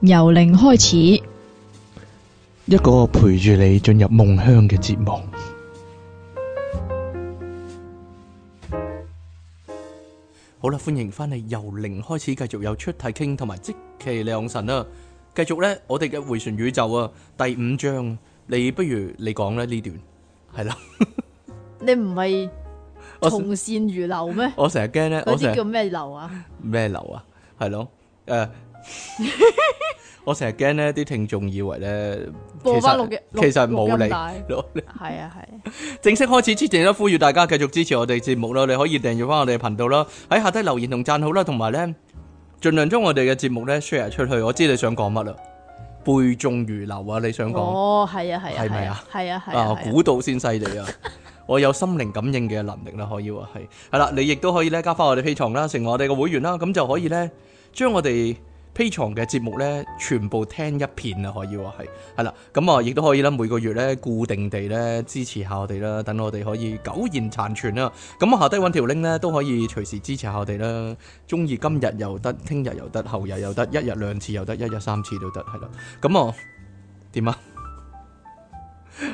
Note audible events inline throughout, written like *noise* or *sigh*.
由零開始，一個陪住你進入夢鄉嘅節目。好啦，歡迎翻嚟由零開始，繼續有出題傾，同埋即期良辰啊！繼續咧，我哋嘅回旋宇宙啊，第五章，你不如你講咧呢段，係啦。你唔係從善如流咩？我成日驚咧，我啲叫咩流啊？咩流啊？係咯，誒。我成日驚呢啲聽眾以為咧，播翻其實冇嚟。係啊係。正式開始之前，都呼籲大家繼續支持我哋節目啦，你可以訂閱翻我哋頻道啦，喺下低留言同讚好啦，同埋咧盡量將我哋嘅節目咧 share 出去。我知你想講乜啦，背誦如流啊！你想講哦，係啊係啊，係咪啊？係啊係啊。估到先犀利啊！我有心靈感應嘅能力啦，可以話係。係啦，你亦都可以咧加翻我哋 P 床，啦，成為我哋嘅會員啦，咁就可以咧將我哋。Patreon 嘅節目呢，全部聽一遍啊！可以話係係啦，咁啊，亦都可以啦。每個月呢，固定地呢，支持下我哋啦，等我哋可以苟延殘喘啦。咁我下低揾條 link 呢，都可以隨時支持下我哋啦。中意今日又得，聽日又得，後日又得，一日兩次又得，一日三次都得，係咯。咁我點啊？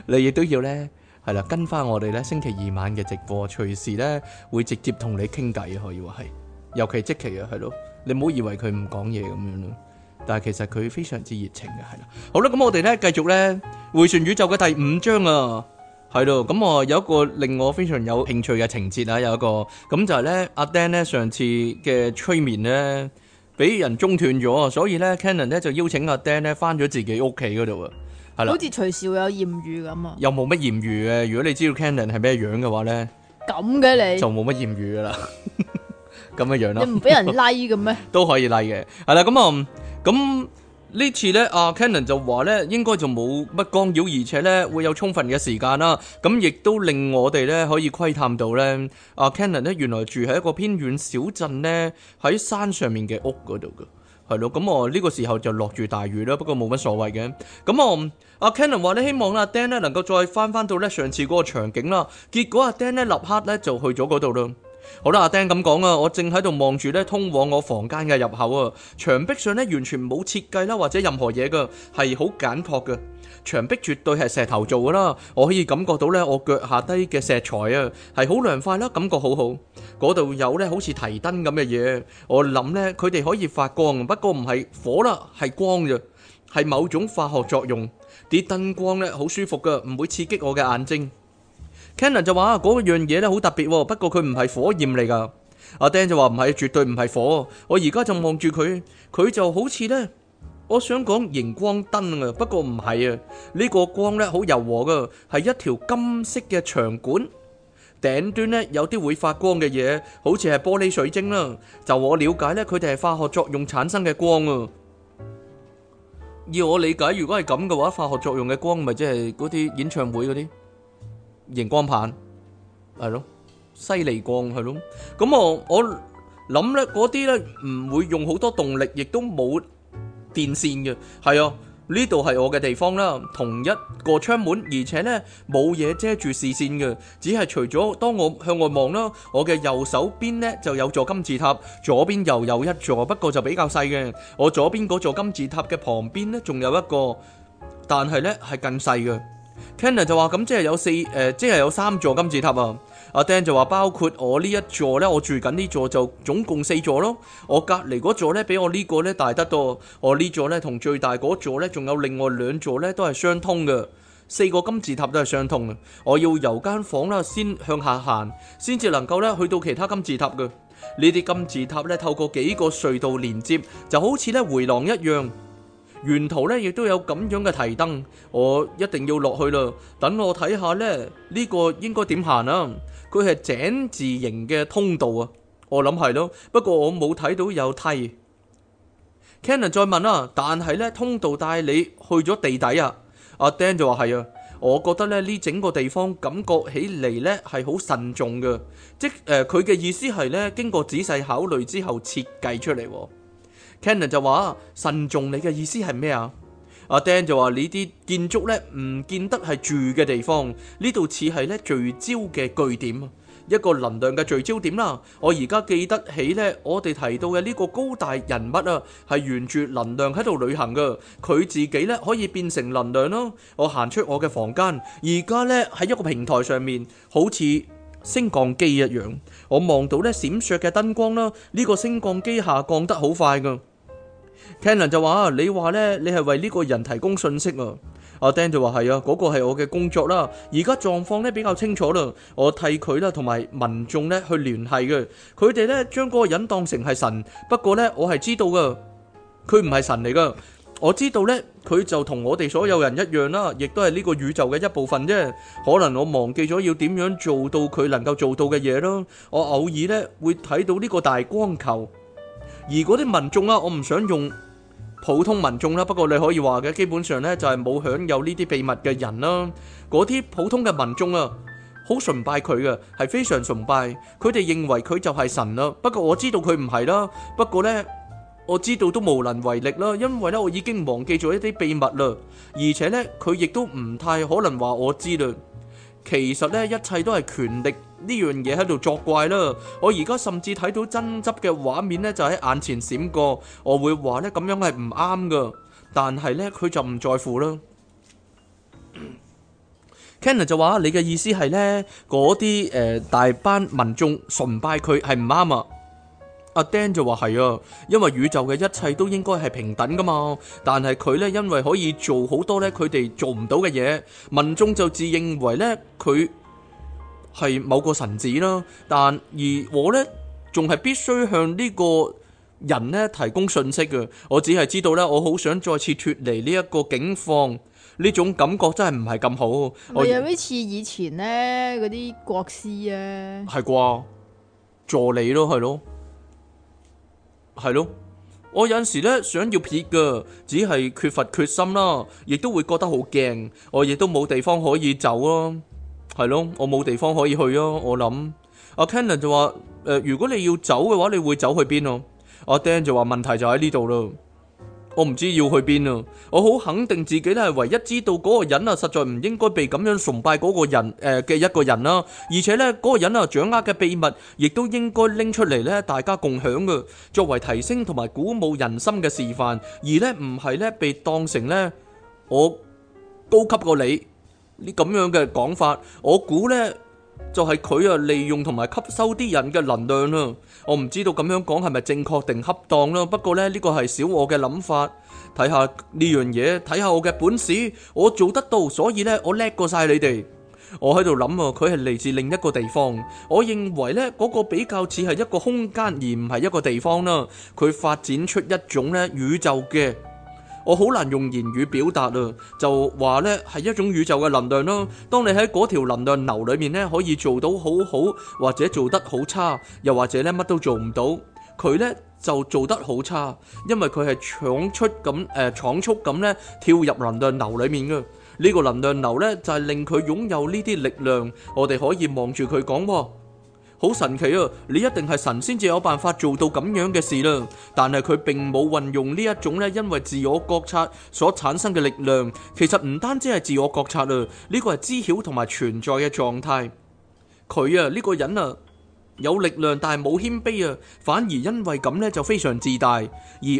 *laughs* 你亦都要呢？係啦，跟翻我哋呢星期二晚嘅直播，隨時呢，會直接同你傾偈，可以話係，尤其即期啊，係咯。你唔好以為佢唔講嘢咁樣咯，但係其實佢非常之熱情嘅，係啦。好啦，咁我哋咧繼續咧《迴旋宇宙》嘅第五章啊，係咯。咁啊有一個令我非常有興趣嘅情節啊，有一個咁就係咧阿 Dan 咧上次嘅催眠咧俾人中斷咗，所以咧 Cannon 咧就邀請阿、啊、Dan 咧翻咗自己屋企嗰度啊，係啦。好似隨時會有艷遇咁啊！又冇乜艷遇啊。如果你知道 Cannon 係咩樣嘅話咧，咁嘅你就冇乜艷遇噶啦。 *laughs* 咁嘅樣咯、啊，唔俾人 like 嘅咩？ *laughs* 都可以拉、like、嘅，係啦。咁、嗯嗯、啊，咁呢次咧，阿 Cannon 就話咧，應該就冇乜干擾，而且咧會有充分嘅時間啦、啊。咁、嗯、亦都令我哋咧可以窺探到咧，阿、啊、Cannon 咧原來住喺一個偏遠小鎮咧，喺山上面嘅屋嗰度噶，係咯。咁、嗯、啊，呢、嗯這個時候就落住大雨啦，不過冇乜所謂嘅。咁、嗯、啊，阿 Cannon 話咧，希望阿、啊、Dan 咧能夠再翻翻到咧上次嗰個場景啦。結果阿、啊、Dan 咧立刻咧就去咗嗰度啦。好啦，阿丁咁講啊，我正喺度望住咧通往我房間嘅入口啊，牆壁上咧完全冇設計啦，或者任何嘢噶，係好簡樸噶。牆壁絕對係石頭做噶啦，我可以感覺到咧我腳下低嘅石材啊，係好涼快啦，感覺好好。嗰度有咧好似提燈咁嘅嘢，我諗咧佢哋可以發光，不過唔係火啦，係光咋，係某種化學作用。啲燈光咧好舒服噶，唔會刺激我嘅眼睛。Ken 就話嗰樣嘢咧好特別，不過佢唔係火焰嚟噶。阿丁就話唔係，絕對唔係火。我而家就望住佢，佢就好似咧，我想講熒光燈啊，不過唔係啊。呢個光咧好柔和噶，係一條金色嘅長管，頂端咧有啲會發光嘅嘢，好似係玻璃水晶啦。就我了解咧，佢哋係化學作用產生嘅光啊。以我理解，如果係咁嘅話，化學作用嘅光咪即係嗰啲演唱會嗰啲。熒光棒，係咯，犀利光係咯。咁我我諗咧，嗰啲咧唔會用好多動力，亦都冇電線嘅。係啊，呢度係我嘅地方啦，同一個窗門，而且咧冇嘢遮住視線嘅。只係除咗當我向外望啦，我嘅右手邊咧就有座金字塔，左邊又有一座，不過就比較細嘅。我左邊嗰座金字塔嘅旁邊咧仲有一個，但係咧係更細嘅。Ken 就話：咁即係有四誒、呃，即係有三座金字塔啊！阿 Dan 就話：包括我呢一座咧，我住緊呢座就總共四座咯。我隔離嗰座咧，比我呢個咧大得多。我呢座咧同最大嗰座咧，仲有另外兩座咧都係相通嘅，四個金字塔都係相通嘅。我要由間房啦，先向下行，先至能夠咧去到其他金字塔嘅。呢啲金字塔咧透過幾個隧道連接，就好似咧回廊一樣。沿途呢亦都有咁樣嘅提燈，我一定要落去啦。等我睇下呢，呢、呢個應該點行啊？佢係井字形嘅通道啊，我諗係咯。不過我冇睇到有梯。Cannon 再問啊，但係呢通道帶你去咗地底啊？阿 Dan 就話係啊，我覺得呢呢整個地方感覺起嚟呢係好慎重嘅，即誒佢嘅意思係呢，經過仔細考慮之後設計出嚟，啊。Cannon 就話：慎重，你嘅意思係咩啊？阿 Dan 就話：呢啲建築呢，唔見得係住嘅地方，呢度似係呢聚焦嘅據點，一個能量嘅聚焦點啦。我而家記得起呢，我哋提到嘅呢個高大人物啊，係沿住能量喺度旅行㗎。佢自己呢，可以變成能量咯。我行出我嘅房間，而家呢，喺一個平台上面，好似升降機一樣。我望到呢閃爍嘅燈光啦，呢個升降機下降得好快㗎。Cannon 就話，你話咧，你係為呢個人提供信息啊？阿 d 丁就話係啊，嗰、嗰個係我嘅工作啦。而家狀況咧比較清楚啦，我替佢啦同埋民眾咧去聯繫嘅。佢哋咧將嗰個人當成係神，不過咧我係知道噶，佢唔係神嚟噶。我知道咧，佢就同我哋所有人一樣啦，亦都係呢個宇宙嘅一部分啫。可能我忘記咗要點樣做到佢能夠做到嘅嘢咯。我偶爾咧會睇到呢個大光球。而嗰啲民眾啊，我唔想用普通民眾啦。不過你可以話嘅，基本上呢，就係冇享有呢啲秘密嘅人啦。嗰啲普通嘅民眾啊，好崇拜佢啊，係非常崇拜。佢哋認為佢就係神啦。不過我知道佢唔係啦。不過呢，我知道都無能為力啦，因為呢，我已經忘記咗一啲秘密啦。而且呢，佢亦都唔太可能話我知嘞。其實呢，一切都係權力。呢樣嘢喺度作怪啦！我而家甚至睇到爭執嘅畫面呢，就喺眼前閃過。我會話呢，咁樣係唔啱噶。但係呢，佢就唔在乎啦。 *coughs* Kenner 就話： *coughs* 你嘅意思係呢嗰啲誒大班民眾崇拜佢係唔啱啊！阿 *coughs* Dan 就話係啊，因為宇宙嘅一切都應該係平等噶嘛。但係佢呢，因為可以做好多呢佢哋做唔到嘅嘢，民眾就自認為呢佢，係某個神子啦，但而我呢，仲係必須向呢個人咧提供信息嘅。我只係知道呢，我好想再次脫離呢一個境況，呢種感覺真係唔係咁好。我有啲似以前呢嗰啲國師啊，係啩助理咯，係咯，係咯。我有陣時咧想要撇嘅，只係缺乏決心啦，亦都會覺得好驚，我亦都冇地方可以走咯。係咯，我冇地方可以去啊！我諗阿 Ken 就話：誒，如果你要走嘅話，你會走去邊咯？阿 Dan 就話：問題就喺呢度咯，我唔知要去邊啊！我好肯定自己咧係唯一知道嗰個人啊，實在唔應該被咁樣崇拜嗰個人誒嘅一個人啦。而且咧，嗰個人啊掌握嘅秘密，亦都應該拎出嚟咧，大家共享嘅，作為提升同埋鼓舞人心嘅示範，而咧唔係咧被當成咧我高級過你。呢咁樣嘅講法，我估呢，就係佢啊利用同埋吸收啲人嘅能量啦。我唔知道咁樣講係咪正確定恰當啦。不過呢，呢個係小我嘅諗法，睇下呢樣嘢，睇下我嘅本事，我做得到，所以呢，我叻過晒你哋。我喺度諗啊，佢係嚟自另一個地方。我認為呢，嗰個比較似係一個空間，而唔係一個地方啦。佢發展出一種呢宇宙嘅。我好難用言語表達啊，就話呢係一種宇宙嘅能量咯。當你喺嗰條能量流裏面呢，可以做到好好，或者做得好差，又或者呢乜都做唔到，佢呢就做得好差，因為佢係闖出咁誒，闖速咁咧跳入能量流裏面嘅。呢、呢個能量流呢，就係、係、令佢擁有呢啲力量，我哋可以望住佢講喎。好神奇啊！你一定係神先至有辦法做到咁樣嘅事啦。但係佢並冇運用呢一種咧，因為自我覺察所產生嘅力量。其實唔單止係自我覺察啊，呢個係知曉同埋存在嘅狀態。佢啊，呢個人啊。有力量但係冇謙卑啊，反而因為咁咧就非常自大。而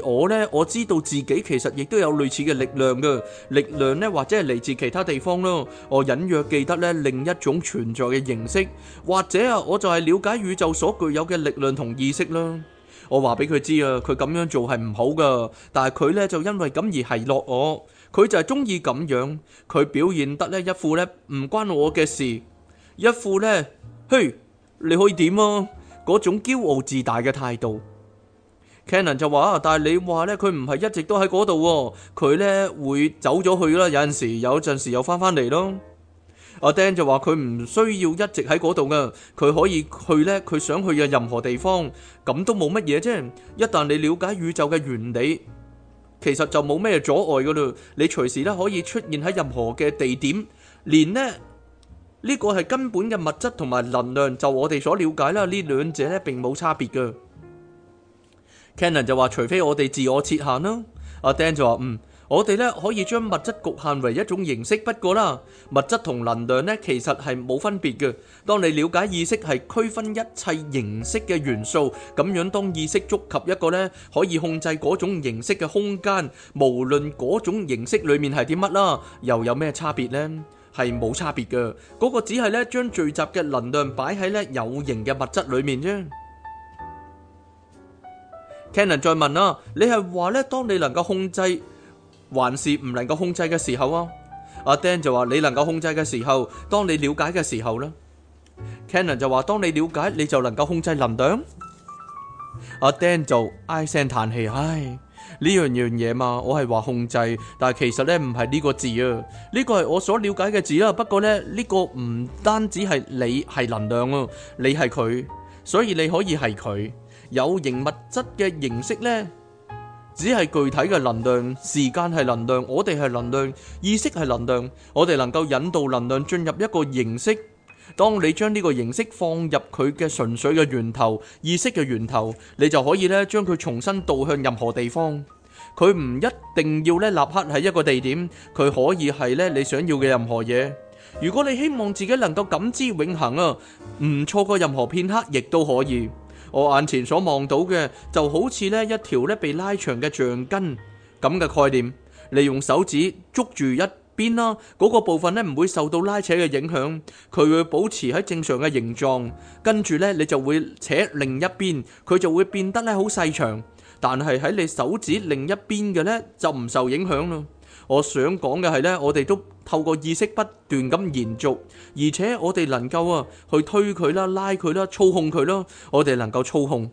我咧，我知道自己其實亦都有類似嘅力量噶，力量咧或者係嚟自其他地方咯。我隱約記得咧，另一種存在嘅形式，或者啊，我就係了解宇宙所具有嘅力量同意識啦。我話俾佢知啊，佢咁樣做係唔好噶，但係佢咧就因為咁而奚落我，佢就係中意咁樣，佢表現得咧一副咧唔關我嘅事，一副咧嘿。你可以點啊？嗰種驕傲自大嘅態度，Cannon 就話，但係你話呢，佢唔係一直都喺嗰度喎，佢呢會走咗去啦，有陣時有陣時又翻返嚟咯。阿 Dan 就話，佢唔需要一直喺嗰度㗎，佢可以去呢佢想去嘅任何地方，咁都冇乜嘢啫。一旦你了解宇宙嘅原理，其實就冇咩阻礙㗎喇，你隨時都可以出現喺任何嘅地點，連呢。呢個係根本嘅物質同埋能量，就我哋所瞭解啦。呢兩者咧並冇差別嘅。Cannon 就話：除非我哋自我設限啦。阿 Dan 就話：嗯，我哋咧可以將物質侷限為一種形式，不過啦，物質同能量咧其實係冇分別嘅。當你瞭解意識係區分一切形式嘅元素，咁樣當意識觸及一個咧可以控制嗰種形式嘅空間，無論嗰種形式裡面係啲乜啦，又有咩差別咧？係冇差別嘅，嗰個只係咧將聚集嘅能量擺喺咧有形嘅物質裡面啫。Cannon 再問啦，你係話咧，當你能夠控制，還是唔能夠控制嘅時候啊？阿 Dan 就話，你能夠控制嘅時候，當你了解嘅時候啦。Cannon 就話，當你了解你就能夠控制能量。阿 Dan 就唉聲嘆氣唉。呢樣樣嘢嘛，我係話控制，但係其實呢唔係呢個字啊，呢個係我所了解嘅字啊。不過呢，呢個唔單止係你係能量啊，你係佢，所以你可以係佢有形物質嘅形式呢，只係具體嘅能量，時間係能量，我哋係能量，意識係能量，我哋能夠引導能量進入一個形式。當你將呢個形式放入佢嘅純粹嘅源頭、意識嘅源頭，你就可以咧將佢重新導向任何地方。佢唔一定要咧立刻喺一個地點，佢可以係咧你想要嘅任何嘢。如果你希望自己能夠感知永恆啊，唔錯過任何片刻，亦都可以。我眼前所望到嘅就好似咧一條咧被拉長嘅橡筋咁嘅概念。你用手指捉住一邊啦，嗰個部分呢唔會受到拉扯嘅影響，佢會保持喺正常嘅形狀。跟住呢，你就會扯另一邊，佢就會變得咧好細長。但係喺你手指另一邊嘅呢，就唔受影響咯。我想講嘅係呢，我哋都透過意識不斷咁延續，而且我哋能夠啊去推佢啦、拉佢啦、操控佢啦，我哋能夠操控。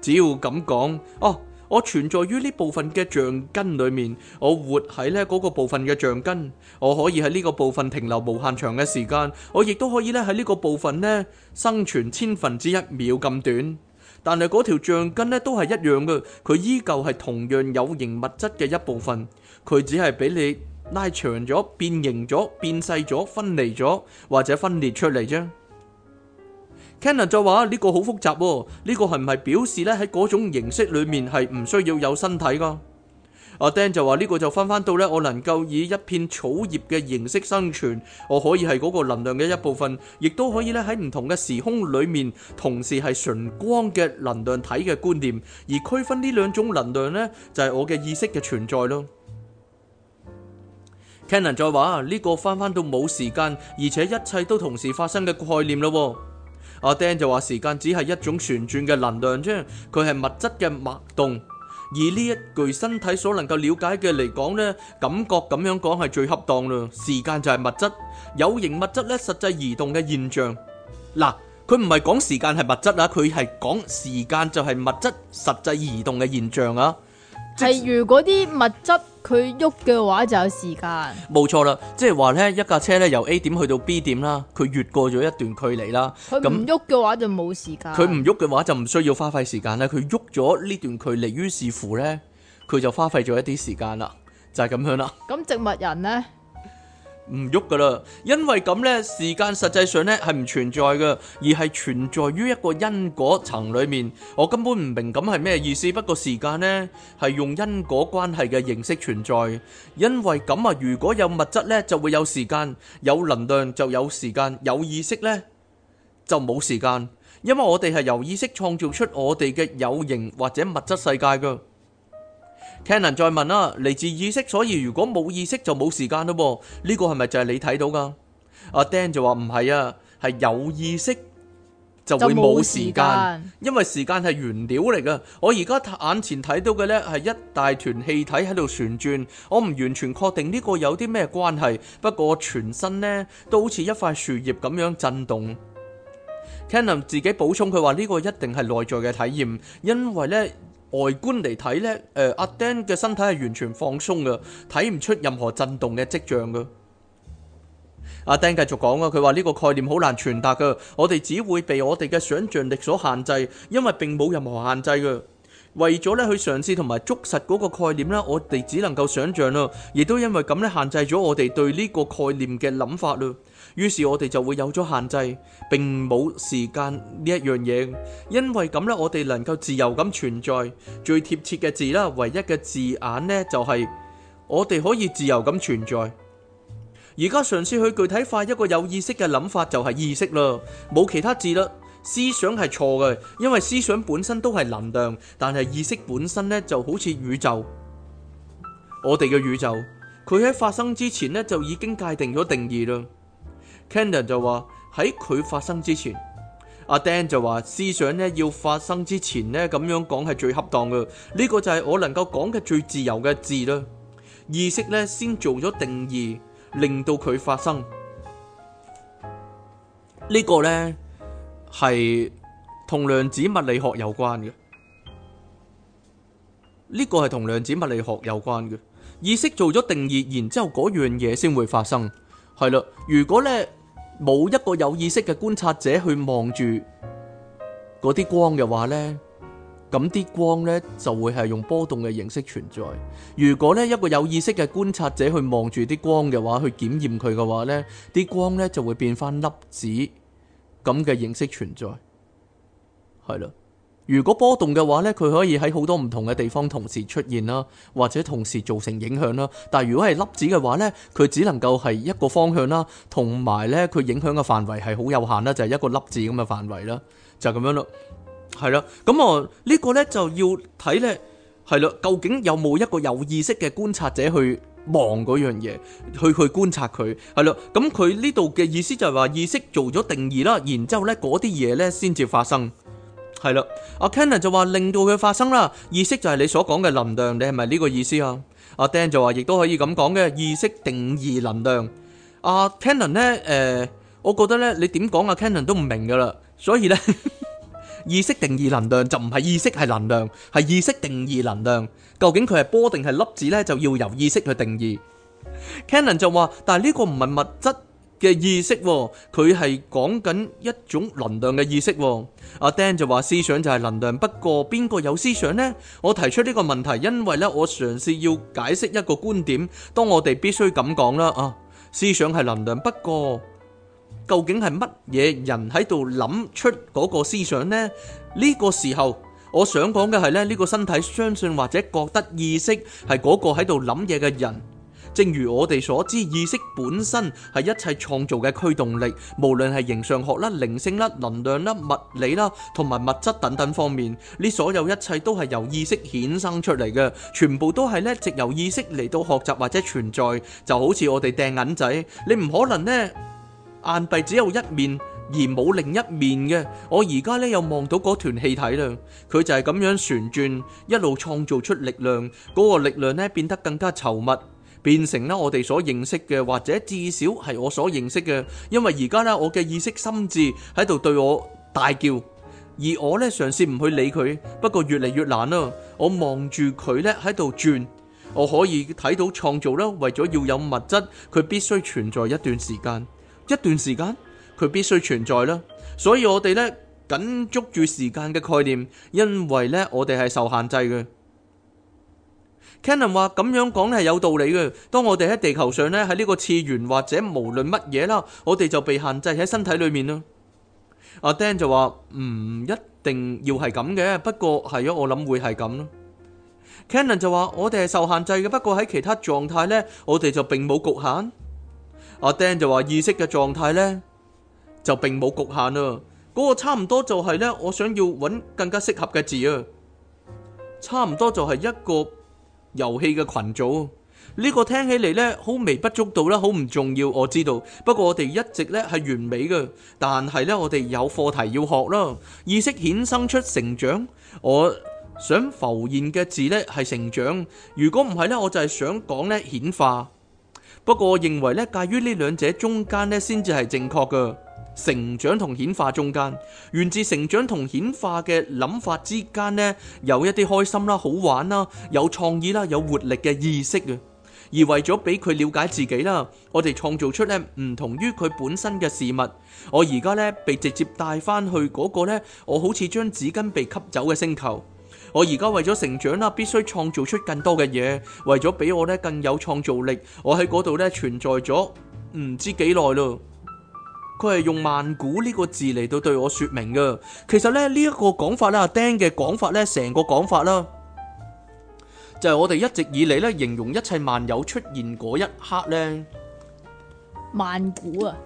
只要咁講哦。我存在於呢部分嘅橡筋裏面，我活喺呢嗰、嗰個部分嘅橡筋，我可以喺呢個部分停留無限長嘅時間，我亦都可以咧喺呢個部分呢生存千分之一秒咁短，但係嗰條橡筋呢都係一樣嘅，佢依舊係同樣有形物質嘅一部分，佢只係俾你拉長咗、變形咗、變細咗、分離咗或者分裂出嚟啫。Cannon 就話呢，這個好複雜喎，哦，呢，這個係唔係表示呢？喺嗰種形式裏面係唔需要有身體噶？阿 Dan 就話呢，這個就翻翻到呢。我能夠以一片草葉嘅形式生存，我可以係嗰個能量嘅一部分，亦都可以呢。喺唔同嘅時空裏面同時係純光嘅能量體嘅觀念，而區分呢兩種能量呢，就係、是、我嘅意識嘅存在咯。Cannon 再話呢，這個翻翻到冇時間，而且一切都同時發生嘅概念咯。阿釘就話：時間只係一種旋轉嘅能量啫，佢係物質嘅脈動。而呢一具身體所能夠了解嘅嚟講呢，感覺咁樣講係最恰當啦。時間就係物質，有形物質呢實際移動嘅現象。嗱，佢唔係講時間係物質啊，佢係講時間就係物質實際移動嘅現象啊。係如果啲物質佢喐嘅話就有時間，冇錯啦，即係話呢一架車咧，由 A 點去到 B 點啦，佢越過咗一段距離啦，咁喐嘅話就冇時間，佢唔喐嘅話就唔需要花費時間啦，佢喐咗呢段距離，於是乎呢，佢就花費咗一啲時間啦，就係咁樣啦。咁植物人呢？唔喐噶啦，因為咁呢時間實際上呢係唔存在噶，而係存在於一個因果層裏面。我根本唔明咁係咩意思。不過時間呢係用因果關係嘅形式存在，因為咁啊，如果有物質呢，就會有時間，有能量就有時間，有意識呢，就冇時間，因為我哋係由意識創造出我哋嘅有形或者物質世界噶。Cannon 再問啦，嚟自意識，所以如果冇意識就冇時間咯噃，呢個係咪就係你睇到噶？阿 Dan 就話唔係啊，係有意識就會冇時間，時間因為時間係原料嚟噶。我而家眼前睇到嘅呢係一大團氣體喺度旋轉，我唔完全確定呢個有啲咩關係，不過全身呢都好似一塊樹葉咁樣震動。Cannon 自己補充佢話呢個一定係內在嘅體驗，因為呢。外觀嚟睇呢，誒、啊，阿丁嘅身體係完全放鬆嘅，睇唔出任何震動嘅跡象嘅。阿丁繼續講啊，佢話呢個概念好難傳達噶，我哋只會被我哋嘅想象力所限制，因為並冇任何限制嘅。為咗咧去嘗試同埋捉實嗰個概念咧，我哋只能夠想象咯，亦都因為咁咧限制咗我哋對呢個概念嘅諗法咯。於是，我哋就會有咗限制，並冇時間呢一樣嘢。因為咁咧，我哋能夠自由咁存在。最貼切嘅字啦，唯一嘅字眼呢，就係我哋可以自由咁存在。而家嘗試去具體化一個有意識嘅諗法，就係意識啦，冇其他字啦。思想係錯嘅，因為思想本身都係能量，但係意識本身呢，就好似宇宙，我哋嘅宇宙，佢喺發生之前呢，就已經界定咗定義啦。Candor 就話喺佢發生之前，阿 Dan 就話思想呢，要發生之前呢，咁樣講係最恰當嘅。呢個就係我能夠講嘅最自由嘅字啦。意識呢，先做咗定義，令到佢發生。呢個呢係同量子物理學有關嘅。呢個係同量子物理學有關嘅。意識做咗定義，然之後嗰樣嘢先會發生。係啦，如果呢。冇一個有意識嘅觀察者去望住嗰啲光嘅話呢，咁啲光呢就會係用波動嘅形式存在。如果呢一個有意識嘅觀察者去望住啲光嘅話，去檢驗佢嘅話呢，啲光呢就會變翻粒子咁嘅形式存在，係啦。如果波動嘅話咧，佢可以喺好多唔同嘅地方同時出現啦，或者同時造成影響啦。但係如果係粒子嘅話咧，佢只能夠係一個方向啦，同埋咧佢影響嘅範圍係好有限啦，就係一個粒子咁嘅範圍啦，就咁樣咯，係啦。咁啊呢個咧就要睇咧，係啦，究竟有冇一個有意識嘅觀察者去望嗰樣嘢，去去觀察佢，係啦。咁佢呢度嘅意思就係話意識做咗定義啦，然之後咧嗰啲嘢咧先至發生。係啦，阿 Cannon 就話令到佢發生啦，意識就係你所講嘅能量，你係咪呢個意思啊？阿 Dan 就話亦都可以咁講嘅，意識定義能量。阿 Cannon 呢，誒，我覺得呢，你點講阿 Cannon 都唔明噶啦，所以呢，意識定義能量就唔係意識係能量，係意識定義能量。究竟佢係波定係粒子呢，就要由意識去定義。Cannon 就話，但係呢個唔係物質。嘅意識，佢係講緊一種能量嘅意識。阿 Dan 就話思想就係能量，不過邊個有思想呢？我提出呢個問題，因為呢我嘗試要解釋一個觀點。當我哋必須咁講啦啊，思想係能量，不過究竟係乜嘢人喺度諗出嗰個思想呢？呢個時候，我想講嘅係呢呢個身體相信或者覺得意識係嗰個喺度諗嘢嘅人。正如我哋所知，意識本身係一切創造嘅驅動力，無論係形上學啦、靈性啦、能量啦、物理啦，同埋物質等等方面，你所有一切都係由意識衍生出嚟嘅，全部都係咧藉由意識嚟到學習或者存在。就好似我哋掟銀仔，你唔可能呢硬幣只有一面而冇另一面嘅。我而家呢又望到嗰團氣體啦，佢就係咁樣旋轉，一路創造出力量，嗰個力量呢變得更加稠密。變成咧我哋所認識嘅，或者至少係我所認識嘅，因為而家咧我嘅意識心智喺度對我大叫，而我咧嘗試唔去理佢，不過越嚟越難啦。我望住佢咧喺度轉，我可以睇到創造啦，為咗要有物質，佢必須存在一段時間，一段時間佢必須存在啦。所以我哋咧緊捉住時間嘅概念，因為咧我哋係受限制嘅。Cannon 話咁樣講咧，係有道理嘅。當我哋喺地球上呢，喺呢個次元或者無論乜嘢啦，我哋就被限制喺身體裏面咯。阿 Dan 就話唔、嗯、一定要係咁嘅，不過係啊，我諗會係咁咯。Cannon 就話我哋係受限制嘅，不過喺其他狀態呢，我哋就並冇局限。阿 Dan 就話意識嘅狀態呢，就並冇局限啊。嗰、那個差唔多就係呢，我想要揾更加適合嘅字啊。差唔多就係一個。遊戲嘅群組呢，呢個聽起嚟呢，好微不足道啦，好唔重要，我知道，不過我哋一直呢係完美嘅，但係呢，我哋有課題要學啦。意識衍生出成長，我想浮現嘅字呢係成長。如果唔係呢，我就係想講呢顯化。不過我認為呢，介於呢兩者中間呢，先至係正確嘅。成長同顯化中間，源自成長同顯化嘅諗法之間呢，有一啲開心啦、好玩啦、有創意啦、有活力嘅意識嘅。而為咗俾佢了解自己啦，我哋創造出呢唔同於佢本身嘅事物。我而家呢，被直接帶翻去嗰個呢，我好似將紙巾被吸走嘅星球。我而家為咗成長啦，必須創造出更多嘅嘢，為咗俾我呢更有創造力。我喺嗰度呢存在咗唔知幾耐咯。佢係用萬古呢個字嚟到對我說明嘅，其實咧呢一個講法咧阿丁嘅講法咧成個講法啦，就係我哋一直以嚟咧形容一切萬有出現嗰一刻咧，萬古啊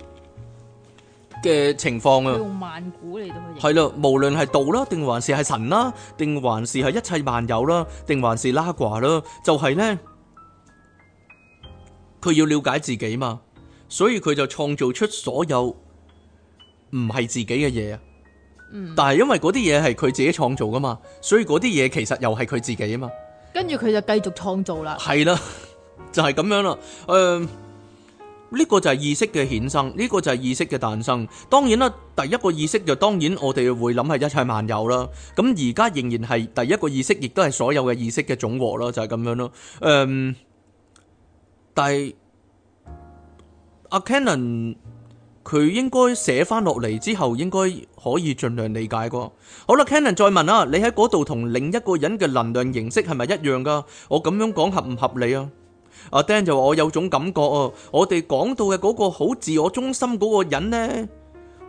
嘅情況啊，用萬古嚟到係啦，無論係道啦，定還是係神啦，定還是係一切萬有啦，定還是拉瓜啦，就係咧佢要了解自己嘛，所以佢就創造出所有。唔係自己嘅嘢啊，嗯、但係因為嗰啲嘢係佢自己創造噶嘛，所以嗰啲嘢其實又係佢自己啊嘛。跟住佢就繼續創造啦。係啦，就係、是、咁樣啦。誒、呃，呢、這個就係意識嘅衍生，呢、這個就係意識嘅誕生。當然啦，第一個意識就當然我哋會諗係一切萬有啦。咁而家仍然係第一個意識，亦都係所有嘅意識嘅總和啦，就係、是、咁樣咯。誒、呃，但阿 Canon。佢應該寫翻落嚟之後，應該可以盡量理解啩。好啦，Cannon 再問啊，你喺嗰度同另一個人嘅能量形式係咪一樣噶？我咁樣講合唔合理啊？阿 Dan 就話我有種感覺啊，我哋講到嘅嗰個好自我中心嗰個人呢，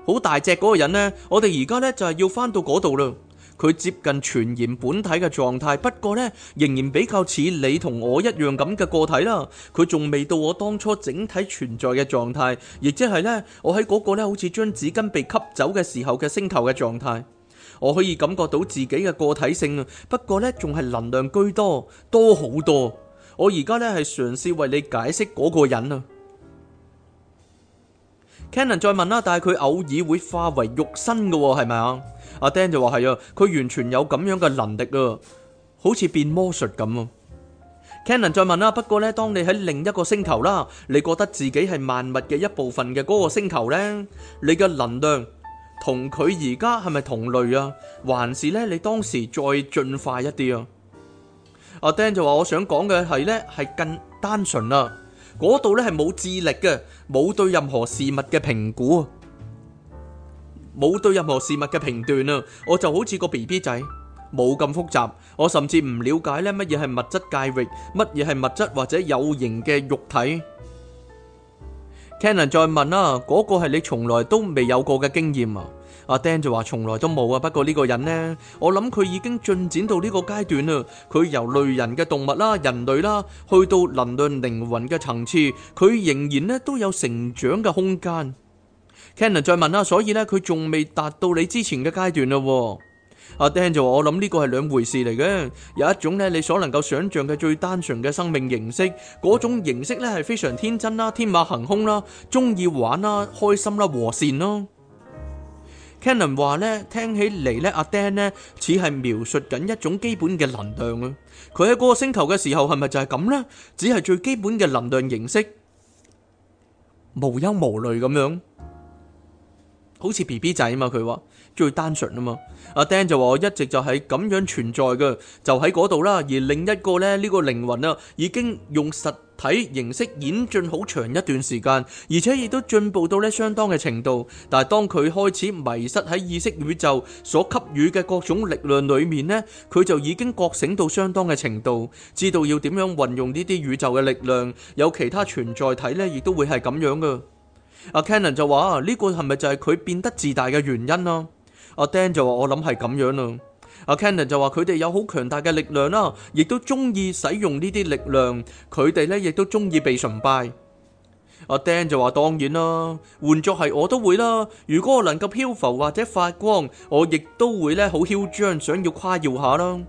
好大隻嗰個人呢，我哋而家呢就係、是、要翻到嗰度啦。佢接近全然本體嘅狀態，不過呢，仍然比較似你同我一樣咁嘅個體啦。佢仲未到我當初整體存在嘅狀態，亦即係呢，我喺嗰個呢好似將紙巾被吸走嘅時候嘅星球嘅狀態。我可以感覺到自己嘅個體性啊，不過呢，仲係能量居多，多好多。我而家呢，係嘗試為你解釋嗰個人啊。Canon 再問啦，但係佢偶爾會化為肉身㗎喎，係咪啊？阿 Dan 就話係啊，佢完全有咁樣嘅能力啊，好似變魔術咁啊！Canon 再問啦，不過咧，當你喺另一個星球啦，你覺得自己係萬物嘅一部分嘅嗰個星球咧，你嘅能量同佢而家係咪同類啊？還是咧，你當時再進化一啲啊？阿 Dan 就話，我想講嘅係咧，係更單純啊。嗰度咧係冇智力嘅，冇對任何事物嘅評估，冇對任何事物嘅評斷啊！我就好似個 BB 仔，冇咁複雜，我甚至唔瞭解咧乜嘢係物質界域，乜嘢係物質或者有形嘅肉體。Cannon 再問啦，嗰個係你從來都未有過嘅經驗啊！阿 Dan 就話從來都冇啊，不過呢個人呢，我諗佢已經進展到呢個階段啦。佢由類人嘅動物啦、人類啦，去到能量靈魂嘅層次，佢仍然呢都有成長嘅空間。Cannon 再問啦，所以呢，佢仲未達到你之前嘅階段咯。阿 Dan 就話，我諗呢個係兩回事嚟嘅，有一種呢，你所能夠想象嘅最單純嘅生命形式，嗰種形式呢係非常天真啦、天馬行空啦、中意玩啦、開心啦、和善咯。Cannon 話咧，聽起嚟咧，阿 Dan 咧似係描述緊一種基本嘅能量啊。佢喺嗰個星球嘅時候係咪就係咁咧？只係最基本嘅能量形式，無憂無慮咁樣，好似 BB 仔啊嘛。佢話最單純啊嘛。阿 Dan 就話我一直就係咁樣存在㗎，就喺嗰度啦。而另一個咧，呢個靈魂啊，已經用實體形式演進好長一段時間，而且亦都進步到咧相當嘅程度。但係當佢開始迷失喺意識宇宙所給予嘅各種力量裏面呢，佢就已經覺醒到相當嘅程度，知道要點樣運用呢啲宇宙嘅力量。有其他存在體呢，亦都會係咁樣嘅。阿 Cannon 就話：呢、這個係咪就係佢變得自大嘅原因啊？阿 Dan 就話：我諗係咁樣啦。阿 Cannon 就話：佢哋有好強大嘅力量啦，亦都中意使用呢啲力量。佢哋呢亦都中意被崇拜。阿 Dan 就話：當然啦，換作係我都會啦。如果我能夠漂浮或者發光，我亦都會呢好囂張，想要誇耀下啦。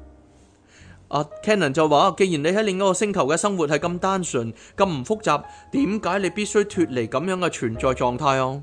阿 Cannon 就話：既然你喺另一個星球嘅生活係咁單純、咁唔複雜，點解你必須脱離咁樣嘅存在狀態哦？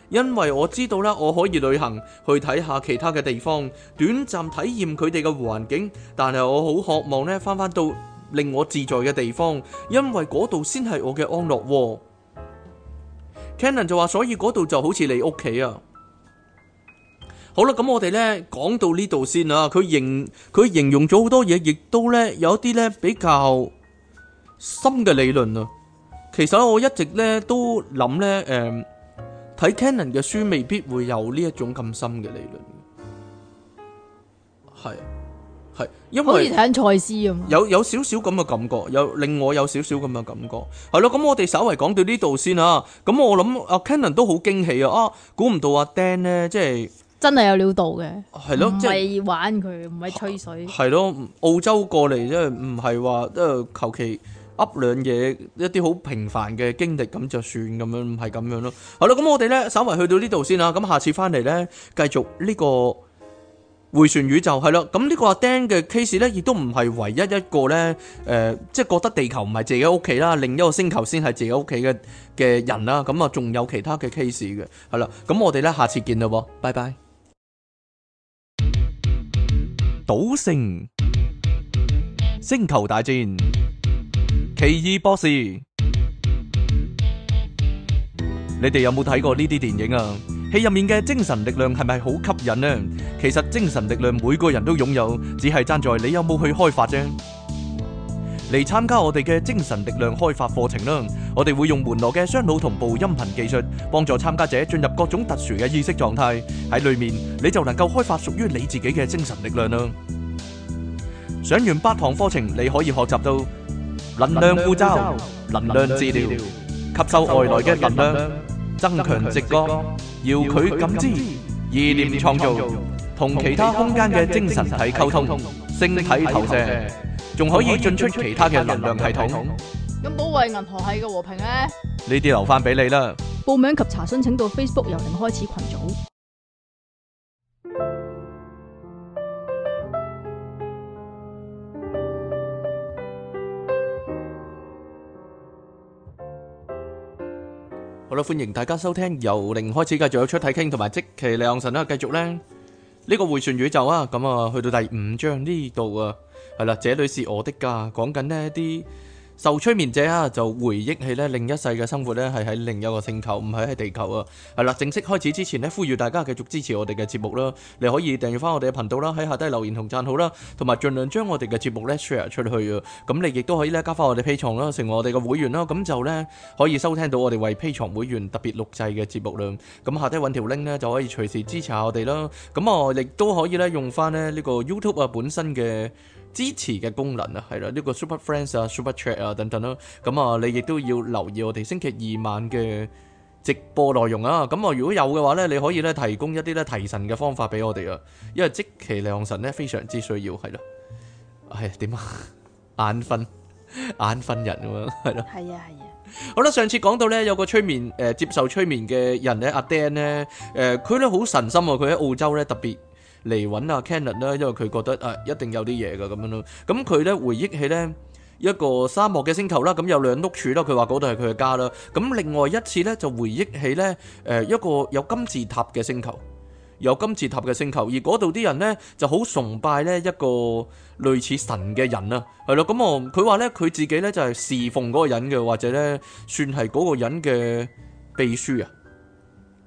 因為我知道咧，我可以旅行去睇下其他嘅地方，短暫體驗佢哋嘅環境，但係我好渴望咧翻翻到令我自在嘅地方，因為嗰度先係我嘅安樂。Cannon 就話：所以嗰度就好似你屋企啊！好啦，咁我哋呢講到呢度先啊，佢形佢形容咗好多嘢，亦都呢有一啲呢比較深嘅理論啊。其實我一直呢都諗呢。嗯，誒。喺 Canon 嘅書未必會有呢一種咁深嘅理論，係係，因為好似睇緊賽斯咁，有有少少咁嘅感覺，有令我有少少咁嘅感覺，係咯。咁我哋稍微講到呢度先啊。咁我諗阿 Canon 都好驚喜啊！啊，估唔到阿 Dan 咧，即係真係有料到嘅，係咯，唔係玩佢，唔係吹水，係咯，澳洲過嚟即係，唔係話即係求其。噏兩嘢，一啲好平凡嘅經歷咁就算咁樣，唔係咁樣咯。好啦，咁我哋咧，稍微去到呢度先啦。咁下次翻嚟咧，繼續呢個迴旋宇宙係啦。咁呢個阿 Dan 嘅 case 咧，亦都唔係唯一一個咧，誒，即係覺得地球唔係自己屋企啦，另一個星球先係自己屋企嘅嘅人啦。咁啊，仲有其他嘅 case 嘅。係啦，咁我哋咧，下次見啦，拜拜。賭聖星球大戰。奇異博士，你哋有冇睇過呢啲電影啊？戲入面嘅精神力量係咪好吸引呢？其實精神力量每個人都擁有，只係爭在你有冇去開發啫。嚟參加我哋嘅精神力量開發課程啦！我哋會用門羅嘅雙腦同步音頻技術，幫助參加者進入各種特殊嘅意識狀態，喺裏面你就能夠開發屬於你自己嘅精神力量啦。上完八堂課程，你可以學習到，能量聚焦、能量治療、吸收外來嘅能量、增強直覺、遙距感知、意念創造、同其他空間嘅精神體溝通、星體投射，仲可以進出其他嘅能量系統。咁保衛銀河系嘅和平咧？呢啲留翻俾你啦。報名及查詢請到 Facebook 由零開始群組。好啦，歡迎大家收聽由零開始繼續出體傾，同埋即期量神咧、啊，繼續咧呢、這個回旋宇宙啊！咁啊，去到第五章呢度啊，係啦，這裏、啊、是，這是我的家，講緊呢啲。受催眠者啊，就回憶起咧另一世嘅生活咧，係喺另一個星球，唔係喺地球啊。係啦，正式開始之前呢，呼籲大家繼續支持我哋嘅節目啦。你可以訂住翻我哋嘅頻道啦，喺下低留言同贊好啦，同埋儘量將我哋嘅節目咧 share 出去啊。咁你亦都可以咧加翻我哋 P 床啦，成為我哋嘅會員啦。咁就咧可以收聽到我哋為 P 床會員特別錄製嘅節目啦。咁下低揾條 link 咧就可以隨時支持下我哋啦。咁我亦都可以咧用翻呢呢、這個 YouTube 啊本身嘅。支持嘅功能啊，係啦，呢、這個 Super Friends 啊、Super Chat 啊等等咯。咁啊，嗯、你亦都要留意我哋星期二晚嘅直播內容啊。咁、嗯、啊，如果有嘅話咧，你可以咧提供一啲咧提神嘅方法俾我哋啊，因為即期量神咧非常之需要，係咯。係、哎、點啊？眼瞓，眼瞓人嘅喎，係咯。係啊係啊。好啦，上次講到咧有個催眠誒、呃、接受催眠嘅人咧阿 Dan 咧誒佢咧好神心啊，佢喺澳洲咧特別。嚟揾阿 Kenneth 啦，因為佢覺得啊，一定有啲嘢㗎咁樣咯。咁佢咧回憶起咧一個沙漠嘅星球啦，咁有兩棟柱啦，佢話嗰度係佢嘅家啦。咁另外一次咧就回憶起咧誒、呃、一個有金字塔嘅星球，有金字塔嘅星球，而嗰度啲人咧就好崇拜咧一個類似神嘅人啊，係咯。咁我佢話咧佢自己咧就係、是、侍奉嗰個人嘅，或者咧算係嗰個人嘅秘書啊。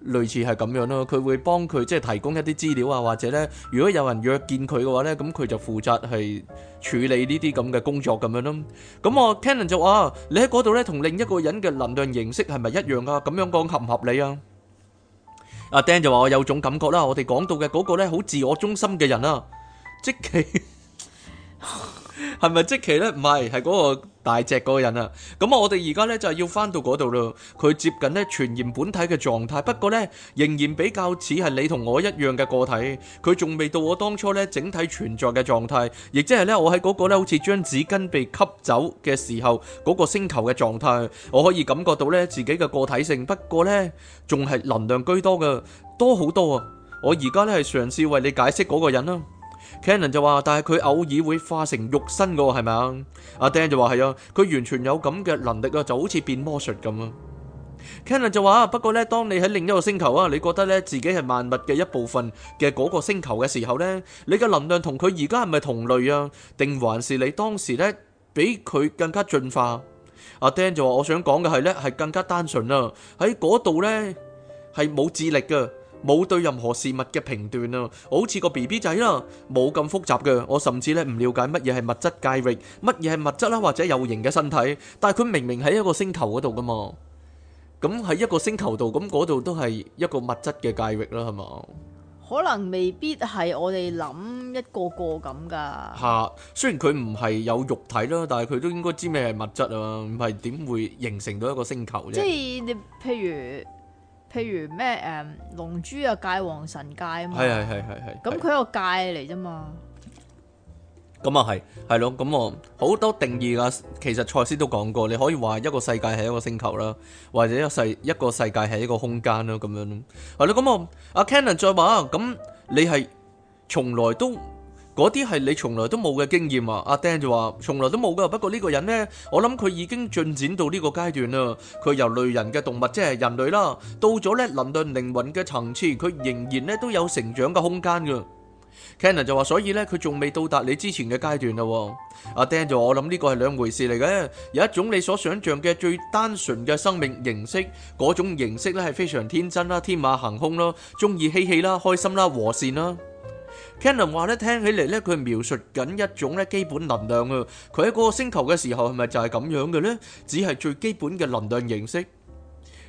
類似係咁樣咯，佢會幫佢即係提供一啲資料啊，或者咧，如果有人約見佢嘅話咧，咁佢就負責係處理呢啲咁嘅工作咁樣咯。咁我 Cannon 就話：你喺嗰度咧，同另一個人嘅能量形式係咪一樣啊？咁樣講合唔合理啊？阿 Dan 就話：我有種感覺啦，我哋講到嘅嗰個咧，好自我中心嘅人啊，即奇。係咪即其呢？唔係，係嗰個大隻嗰個人啊！咁啊，我哋而家呢，就係要翻到嗰度咯。佢接近呢全然本體嘅狀態，不過呢，仍然比較似係你同我一樣嘅個體。佢仲未到我當初呢整體存在嘅狀態，亦即係呢，我喺嗰個呢好似將紙巾被吸走嘅時候嗰個星球嘅狀態。我可以感覺到呢自己嘅個體性，不過呢，仲係能量居多嘅，多好多啊！我而家呢，係嘗試為你解釋嗰個人啊。Cannon 就話，但係佢偶爾會化成肉身噶喎，係咪啊？阿 Dan 就話，係啊，佢完全有咁嘅能力啊，就好似變魔術咁啊。Cannon 就話，不過咧，當你喺另一個星球啊，你覺得咧自己係萬物嘅一部分嘅嗰個星球嘅時候咧，你嘅能量同佢而家係咪同類啊？定還是你當時咧比佢更加進化？阿 Dan 就話，我想講嘅係咧，係更加單純啊，喺嗰度咧係冇智力噶。冇對任何事物嘅評斷啊！我好似個 BB 仔啦，冇咁複雜嘅。我甚至咧唔了解乜嘢係物質界域，乜嘢係物質啦，或者有形嘅身體。但係佢明明喺一個星球嗰度噶嘛，咁喺一個星球度，咁嗰度都係一個物質嘅界域啦，係嘛？可能未必係我哋諗一個個咁噶。吓，雖然佢唔係有肉體啦，但係佢都應該知咩係物質啊？唔係點會形成到一個星球呢？即係你譬如。譬如咩誒、嗯、龍珠啊界王神界啊嘛，係係係係係，咁佢係個界嚟啫嘛，咁啊係係咯，咁啊好多定義噶，其實蔡司都講過，你可以話一個世界係一個星球啦，或者一世一個世界係一個空間啦，咁樣咯。係啦，咁啊阿 Canon 再話咁，你係從來都。嗰啲係你從來都冇嘅經驗啊！阿 Dan 就話從來都冇㗎，不過呢個人咧，我諗佢已經進展到呢個階段啦。佢由類人嘅動物即係人類啦，到咗咧能量靈魂嘅層次，佢仍然咧都有成長嘅空間㗎。Cannon 就話，所以咧佢仲未到達你之前嘅階段啦。阿 Dan 就我諗呢個係兩回事嚟嘅，有一種你所想像嘅最單純嘅生命形式，嗰種形式咧係非常天真啦、天馬行空咯，中意嬉戲啦、開心啦、和善啦。Canon 話咧，聽起嚟咧，佢描述緊一種咧基本能量啊！佢喺嗰個星球嘅時候，係咪就係咁樣嘅咧？只係最基本嘅能量形式。